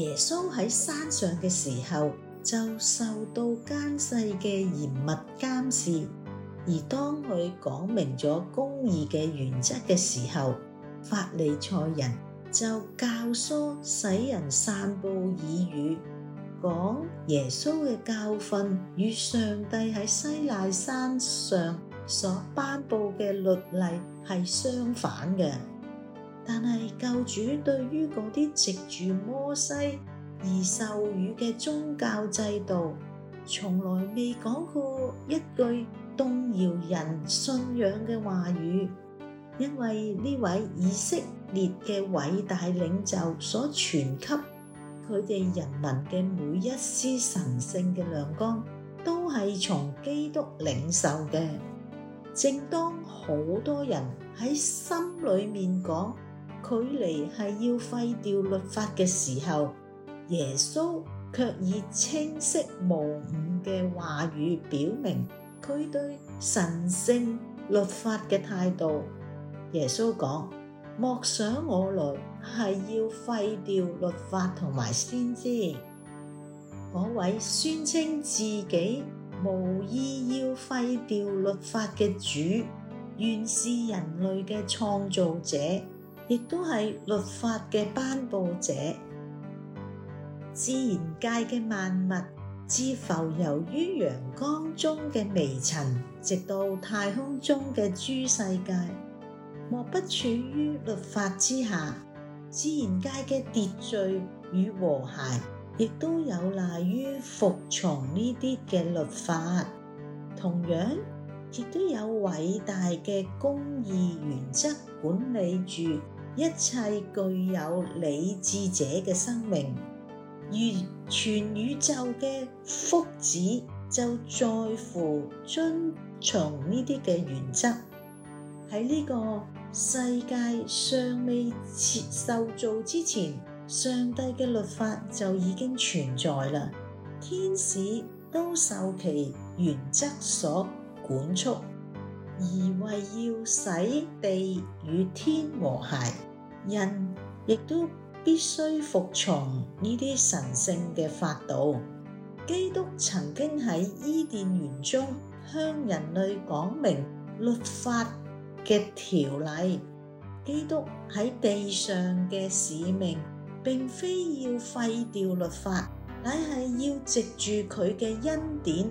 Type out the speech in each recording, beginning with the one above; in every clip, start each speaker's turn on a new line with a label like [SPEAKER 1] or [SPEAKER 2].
[SPEAKER 1] 耶穌喺山上嘅時候就受到奸細嘅嚴密監視，而當佢講明咗公義嘅原則嘅時候，法利賽人就教唆使人散布耳語，講耶穌嘅教訓與上帝喺西奈山上所頒布嘅律例係相反嘅。但係，救主對於嗰啲藉住摩西而授予嘅宗教制度，從來未講過一句動搖人信仰嘅話語。因為呢位以色列嘅偉大領袖所傳給佢哋人民嘅每一絲神聖嘅亮光，都係從基督領受嘅。正當好多人喺心裏面講。距離係要廢掉律法嘅時候，耶穌卻以清晰無誤嘅話語表明佢對神聖律法嘅態度。耶穌講：莫想我來係要廢掉律法同埋先知。嗰位宣稱自己無意要廢掉律法嘅主，原是人類嘅創造者。亦都係律法嘅頒布者，自然界嘅萬物，自浮游於陽光中嘅微塵，直到太空中嘅諸世界，莫不處於律法之下。自然界嘅秩序與和諧，亦都有賴於服從呢啲嘅律法。同樣，亦都有偉大嘅公義原則管理住。一切具有理智者嘅生命，而全宇宙嘅福祉就在乎遵從呢啲嘅原則。喺呢個世界尚未受造之前，上帝嘅律法就已經存在啦。天使都受其原則所管束。而為要使地與天和諧，人亦都必須服從呢啲神聖嘅法度。基督曾經喺伊甸園中向人類講明律法嘅條例。基督喺地上嘅使命，並非要廢掉律法，乃係要藉住佢嘅恩典，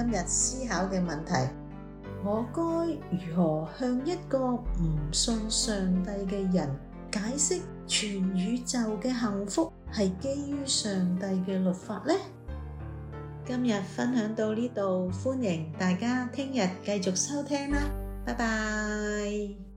[SPEAKER 1] 今日思考嘅問題，我該如何向一個唔信上帝嘅人解釋全宇宙嘅幸福係基於上帝嘅律法呢？今日分享到呢度，歡迎大家聽日繼續收聽啦，拜拜。